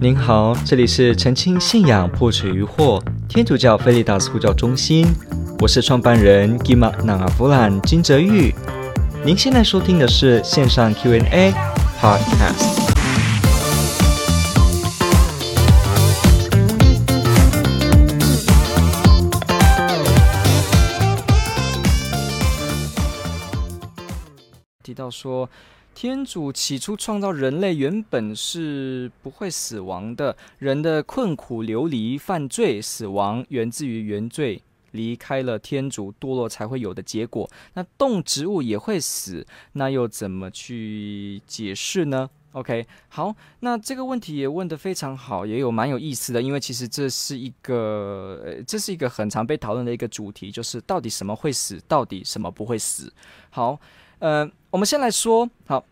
您好，這裡是澄清信仰、破除疑惑天主教菲利達斯呼叫中心，我是創辦人 Kimat Nangavulan 金哲昱，您現在收聽的是線上 Q&A podcast。提到說。天主起初創造人類，原本是不會死亡的。人的困苦、流離、犯罪、死亡，源自於原罪，離開了天主，墮落才會有的結果。那動植物也會死，那又怎麼去解釋呢？OK，好，那這個問題也問得非常好，也有蠻有意思的，因為其實這是一個，這是一個很常被討論的一個主題，就是到底什麼會死，到底什麼不會死。好。呃，我們先來說好，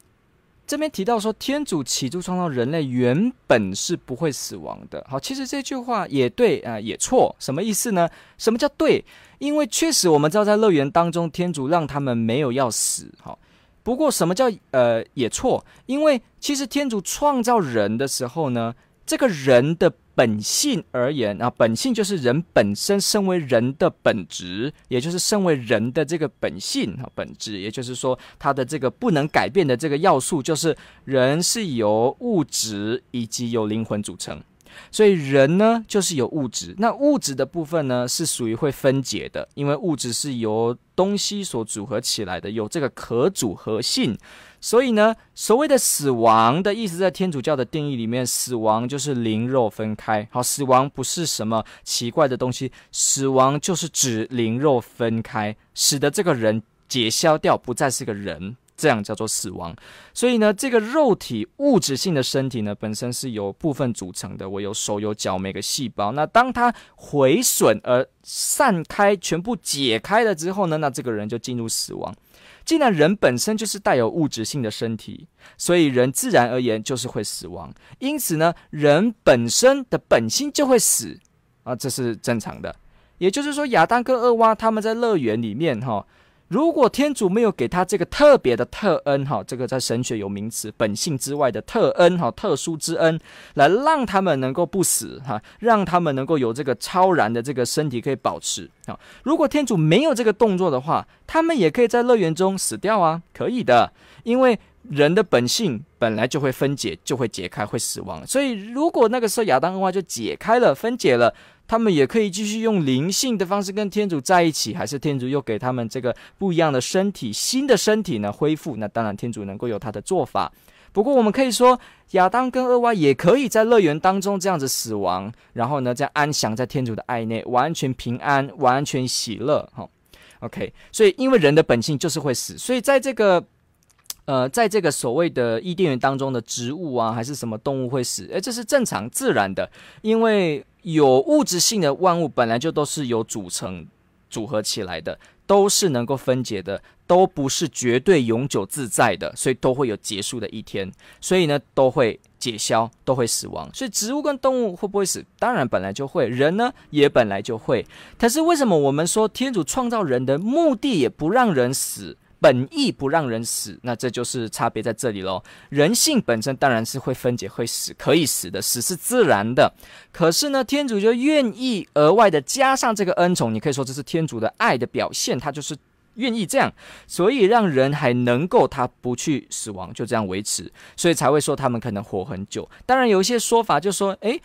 這邊提到說天主起初創造人類原本是不會死亡的。好，其實這句話也對啊，呃，也錯。什麼意思呢？什麼叫對？因為確實我們知道在樂園當中，天主讓他們沒有要死。好，不過什麼叫呃也錯？因為其實天主創造人的時候呢，這個人的本性而言啊，本性就是人本身身為人的本質，也就是身為人的這個本性啊，本質，也就是說它的這個不能改變的這個要素，就是人是由物質以及由靈魂組成。所以人呢，就是有物質，那物質的部分呢，是屬於會分解的，因為物質是由東西所組合起來的，有這個可組合性。所以呢，所謂的死亡的意思，在天主教的定義裡面，死亡就是靈肉分開。好，死亡不是什麼奇怪的東西，死亡就是指靈肉分開，使得這個人解消掉，不再是個人。這樣叫做死亡，所以呢，這個肉體物質性的身體呢，本身是由部分組成的，我有手有腳，每個細胞。那當它毀損而散開，全部解開了之後呢，那這個人就進入死亡。既然人本身就是帶有物質性的身體，所以人自然而然就是會死亡。因此呢，人本身的本性就會死啊，這是正常的。也就是說，亞當跟厄娃他們在樂園裡面哈。哦如果天主沒有給他這個特別的特恩哈，這個在神學有名詞，本性之外的特恩哈，特殊之恩，來讓他們能夠不死哈，讓他們能夠有這個超然的這個身體可以保持啊。如果天主沒有這個動作的話，他們也可以在樂園中死掉啊，可以的，因為人的本性本來就會分解，就會解開，會死亡。所以如果那個時候亞當、厄娃，就解開了，分解了。他們也可以繼續用靈性的方式跟天主在一起，還是天主又給他們這個不一樣的身體、新的身體呢？恢復？那當然，天主能夠有他的做法。不過，我們可以說，亞當跟厄娃也可以在樂園當中這樣子死亡，然後呢，這樣安詳在天主的愛內，完全平安，完全喜樂。哈、哦，OK。所以，因為人的本性就是會死，所以在這個，呃，在這個所謂的伊甸園當中的植物啊，還是什麼動物會死？誒，這是正常自然的，因為。有物質性的萬物本來就都是由組成、組合起來的，都是能夠分解的，都不是絕對永久自在的，所以都會有結束的一天，所以呢，都會解消，都會死亡。所以植物跟動物會不會死？當然本來就會，人呢也本來就會。可是為什麼我們說天主創造人的目的也不讓人死？本意不讓人死，那這就是差別在這裡咯，人性本身當然是會分解、會死、可以死的，死是自然的。可是呢，天主就願意額外的加上這個恩寵，你可以說這是天主的愛的表現，他就是願意這樣，所以讓人還能夠他不去死亡，就這樣維持，所以才會說他們可能活很久。當然有一些說法就說，誒。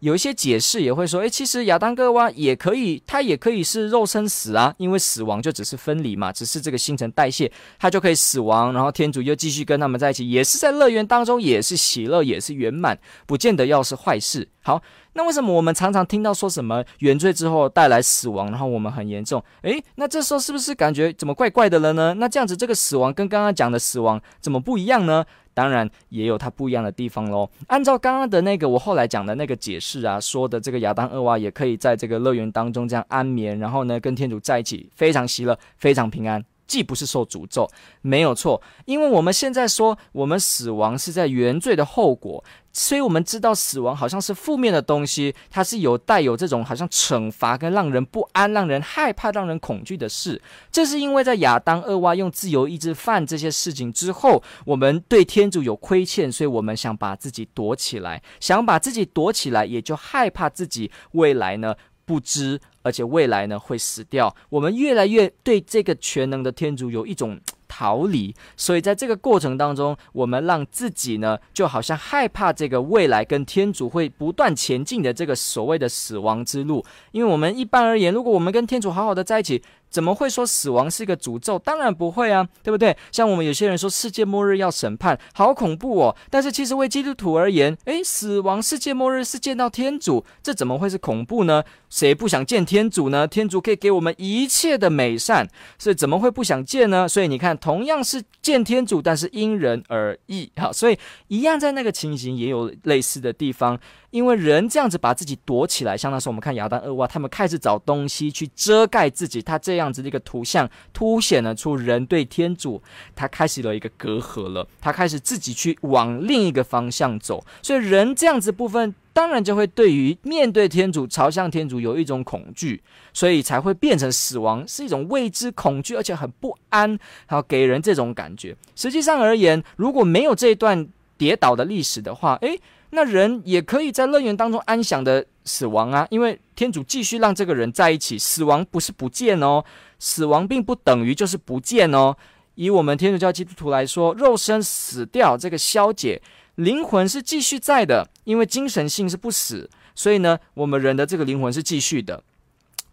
有一些解釋也會說，誒、欸，其實亞當、厄娃也可以，他也可以是肉身死啊，因為死亡就只是分離嘛，只是這個新陳代謝，他就可以死亡，然後天主又繼續跟他們在一起，也是在樂園當中，也是喜樂，也是圓滿，不見得要是壞事。好。那為什麼我們常常聽到說什麼原罪之後帶來死亡，然後我們很嚴重？誒？那這時候是不是感覺怎麼怪怪的了呢？那這樣子這個死亡跟剛剛講的死亡怎麼不一樣呢？當然也有它不一樣的地方嘍。按照剛剛的那個我後來講的那個解釋啊，說的這個亞當、厄娃也可以在這個樂園當中這樣安眠，然後呢跟天主在一起，非常喜樂，非常平安。既不是受詛咒，沒有錯，因為我們現在說我們死亡是在原罪的後果，所以我們知道死亡好像是負面的東西，它是有帶有這種好像懲罰跟讓人不安、讓人害怕、讓人恐懼的事。這是因為在亞當、厄娃用自由意志犯這些事情之後，我們對天主有虧欠，所以我們想把自己躲起來，想把自己躲起來，也就害怕自己未來呢不知。而且未來呢會死掉，我們越來越對這個全能的天主有一種逃離，所以在這個過程當中，我們讓自己呢就好像害怕這個未來跟天主會不斷前進的這個所謂的死亡之路。因為我們一般而言，如果我們跟天主好好的在一起，怎麼會說死亡是一個詛咒？當然不會啊，對不對？像我們有些人說世界末日要審判，好恐怖哦！但是其實為基督徒而言，誒，死亡、世界末日是見到天主，這怎麼會是恐怖呢？誰不想見？天主呢？天主可以給我們一切的美善，所以怎麼會不想見呢？所以你看，同樣是見天主，但是因人而異哈。所以一樣在那個情形也有類似的地方，因為人這樣子把自己躲起來，像那時候我們看亞當、厄娃他們開始找東西去遮蓋自己，他這樣子的一個圖像凸顯了出人對天主，他開始了一個隔閡了，他開始自己去往另一個方向走，所以人這樣子部分。當然就會對於面對天主、朝向天主有一種恐懼，所以才會變成死亡，是一種未知恐懼，而且很不安，好給人這種感覺。實際上而言，如果沒有這一段跌倒的歷史的話，誒，那人也可以在樂園當中安詳的死亡啊，因為天主繼續讓這個人在一起，死亡不是不見哦，死亡並不等於就是不見哦。以我們天主教基督徒來說，肉身死掉這個消解，靈魂是繼續在的。因為精神性是不死，所以呢，我們人的這個靈魂是繼續的。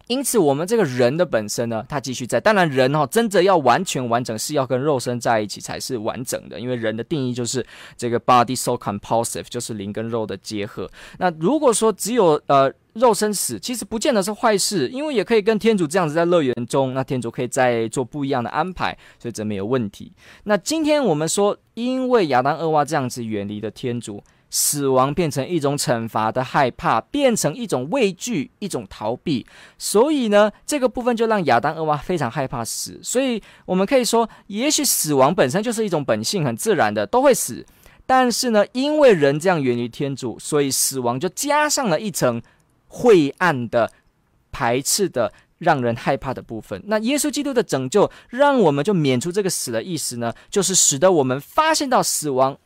因此，我們這個人的本身呢，它繼續在。當然，人哈、哦，真的要完全完整，是要跟肉身在一起才是完整的。因為人的定義就是這個 body soul composite，就是靈跟肉的結合。那如果說只有呃肉身死，其實不見得是壞事，因為也可以跟天主這樣子在樂園中，那天主可以再做不一樣的安排，所以這沒有問題。那今天我們說，因為亞當、厄娃這樣子遠離的天主。死亡變成一種懲罰的害怕，變成一種畏懼，一種逃避。所以呢，這個部分就讓亞當、厄娃非常害怕死。所以，我們可以說，也許死亡本身就是一種本性，很自然的都會死。但是呢，因為人這樣遠離天主，所以死亡就加上了一層晦暗的、排斥的、讓人害怕的部分。那耶穌基督的拯救，讓我們就免除這個死的意思呢，就是使得我們發現到死亡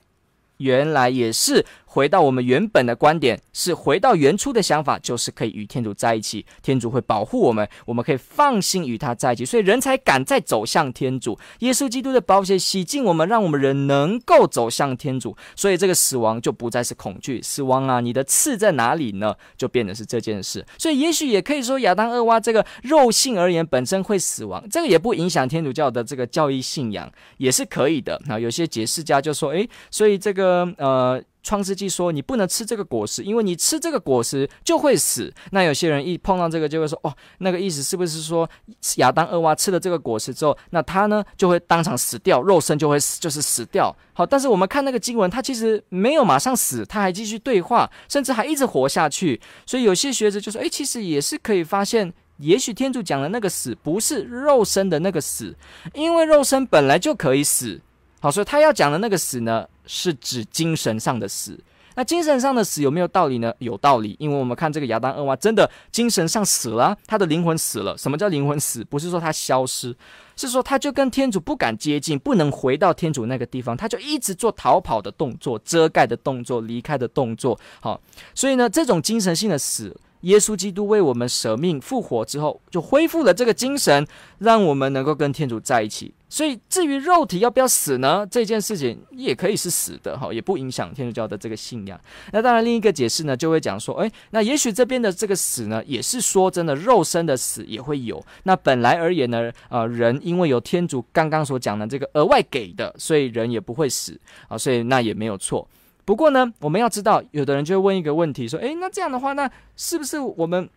原來也是。回到我們原本的觀點，是回到原初的想法，就是可以與天主在一起，天主會保護我們，我們可以放心與他在一起，所以人才敢再走向天主。耶穌基督的寶血洗淨我們，讓我們人能夠走向天主，所以這個死亡就不再是恐懼，死亡啊！你的刺在哪裡呢？就變得是這件事。所以也許也可以說，亞當、厄娃這個肉性而言，本身會死亡，這個也不影響天主教的這個教義信仰，也是可以的。那有些解釋家就說：“誒，所以這個呃。”創世紀說你不能吃這個果實，因為你吃這個果實就會死。那有些人一碰到這個就會說，哦，那個意思是不是說亞當、厄娃吃了這個果實之後，那他呢就會當場死掉，肉身就會死，就是死掉。好，但是我們看那個經文，他其實沒有馬上死，他還繼續對話，甚至還一直活下去。所以有些學者就說，誒、哎，其實也是可以發現，也許天主講的那個死不是肉身的那個死，因為肉身本來就可以死。好，所以他要講的那個死呢？是指精神上的死。那精神上的死有沒有道理呢？有道理，因為我們看這個亞當、厄娃，真的精神上死了，他的靈魂死了。什麼叫靈魂死？不是說他消失，是說他就跟天主不敢接近，不能回到天主那個地方，他就一直做逃跑的動作、遮蓋的動作、離開的動作。好，所以呢，這種精神性的死。耶穌基督為我們捨命復活之後，就恢復了這個精神，讓我們能夠跟天主在一起。所以至於肉體要不要死呢？這件事情也可以是死的哈，也不影響天主教的這個信仰。那當然，另一個解釋呢，就會講說，誒，那也許這邊的這個死呢，也是說真的肉身的死也會有。那本來而言呢，啊、呃，人因為有天主剛剛所講的這個額外給的，所以人也不會死啊，所以那也沒有錯。不過呢，我們要知道，有的人就會問一個問題，說：“哎，那這樣的話，那是不是我們，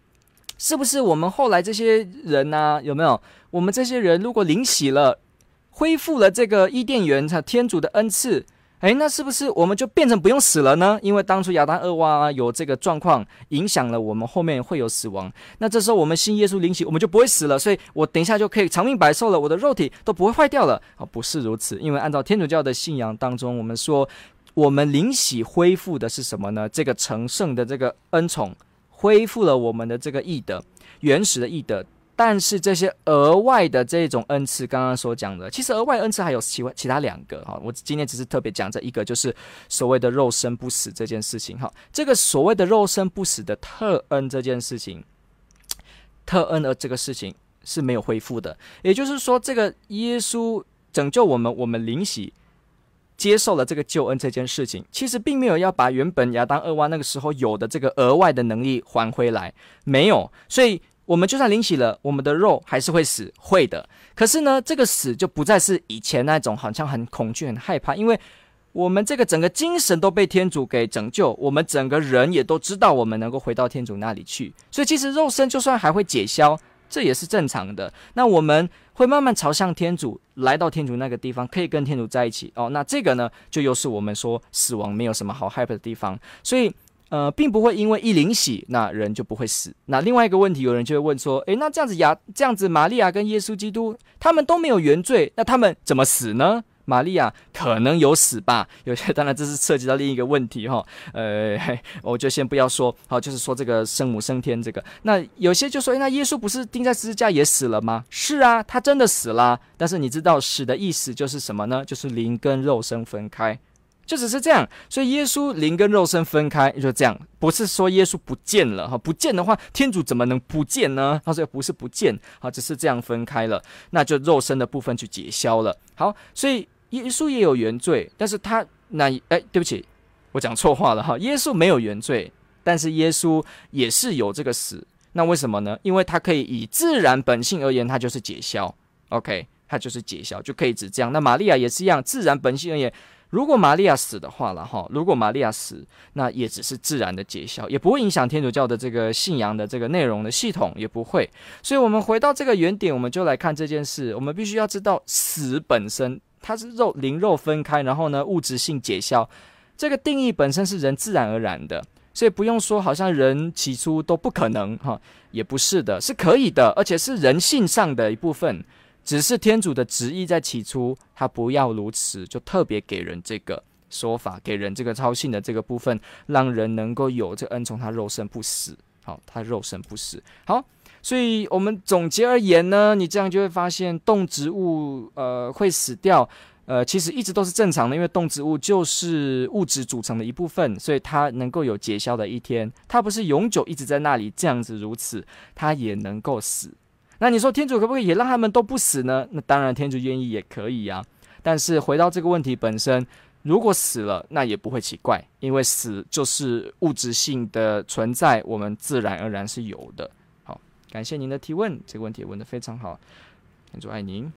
是不是我們後來這些人呢、啊？有沒有我們這些人如果領洗了，恢復了這個伊甸園天主的恩賜？哎，那是不是我們就變成不用死了呢？因為當初亞當二、啊、厄娃有這個狀況，影響了我們後面會有死亡。那這時候我們信耶穌領洗，我們就不會死了，所以我等一下就可以長命百壽了，我的肉體都不會壞掉了、哦、不是如此，因為按照天主教的信仰當中，我們說。”我們領洗恢復的是什麼呢？這個成聖的這個恩寵，恢復了我們的這個義德，原始的義德。但是這些額外的這種恩賜，剛剛所講的，其實額外恩賜還有其其他兩個哈。我今天只是特別講這一個，就是所謂的肉身不死這件事情哈。這個所謂的肉身不死的特恩這件事情，特恩的這個事情是沒有恢復的。也就是說，這個耶穌拯救我們，我們領洗。接受了這個救恩這件事情，其實並沒有要把原本亞當、厄娃那個時候有的這個額外的能力還回來，沒有。所以，我們就算領洗了，我們的肉還是會死，會的。可是呢，這個死就不再是以前那種好像很恐懼、很害怕，因為我們這個整個精神都被天主給拯救，我們整個人也都知道我們能夠回到天主那裡去。所以，其實肉身就算還會解消，這也是正常的。那我們會慢慢朝向天主，來到天主那個地方，可以跟天主在一起哦。那這個呢，就又是我們說死亡沒有什麼好害怕的地方。所以，呃，並不會因為一領洗，那人就不會死。那另外一個問題，有人就會問說，誒，那這樣子亞，這樣子瑪利亞跟耶穌基督，他們都沒有原罪，那他們怎麼死呢？瑪麗亞可能有死吧，有些當然這是涉及到另一個問題哈、哦，呃，我就先不要說，好、哦，就是說這個聖母升天這個，那有些就說、哎，那耶穌不是釘在十字架也死了嗎？是啊，他真的死了、啊，但是你知道死的意思就是什麼呢？就是靈跟肉身分開。就只是這樣，所以耶穌靈跟肉身分開就這樣，不是說耶穌不見了哈，不見的話，天主怎麼能不見呢？他說不是不見，好，只是這樣分開了，那就肉身的部分去解消了。好，所以耶穌也有原罪，但是他那哎，對不起，我講錯話了哈，耶穌沒有原罪，但是耶穌也是有這個死，那為什麼呢？因為他可以以自然本性而言，他就是解消，OK，他就是解消，就可以指這樣。那瑪利亞也是一樣，自然本性而言。如果瑪利亞死的話，然後如果瑪利亞死，那也只是自然的解消，也不會影響天主教的這個信仰的這個內容的系統，也不會。所以，我們回到這個原點，我們就來看這件事。我們必須要知道，死本身它是肉靈肉分開，然後呢物質性解消，這個定義本身是人自然而然的，所以不用說好像人起初都不可能哈，也不是的，是可以的，而且是人性上的一部分。只是天主的旨意在起初，他不要如此，就特別給人這個說法，給人這個超性的這個部分，讓人能夠有這個恩寵。他肉身不死，好，他肉身不死，好。所以我們總結而言呢，你這樣就會發現，動植物呃會死掉，呃其實一直都是正常的，因為動植物就是物質組成的一部分，所以它能夠有結銷的一天，它不是永久一直在那裡這樣子如此，它也能夠死。那你說天主可不可以也讓他們都不死呢？那當然，天主願意也可以呀、啊。但是回到這個問題本身，如果死了，那也不會奇怪，因為死就是物質性的存在，我們自然而然是有的。好，感謝您的提問，這個問題問得非常好。天主愛您，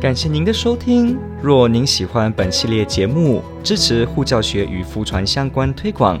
感謝您的收聽。若您喜歡本系列節目，支持護教學與福傳相關推廣。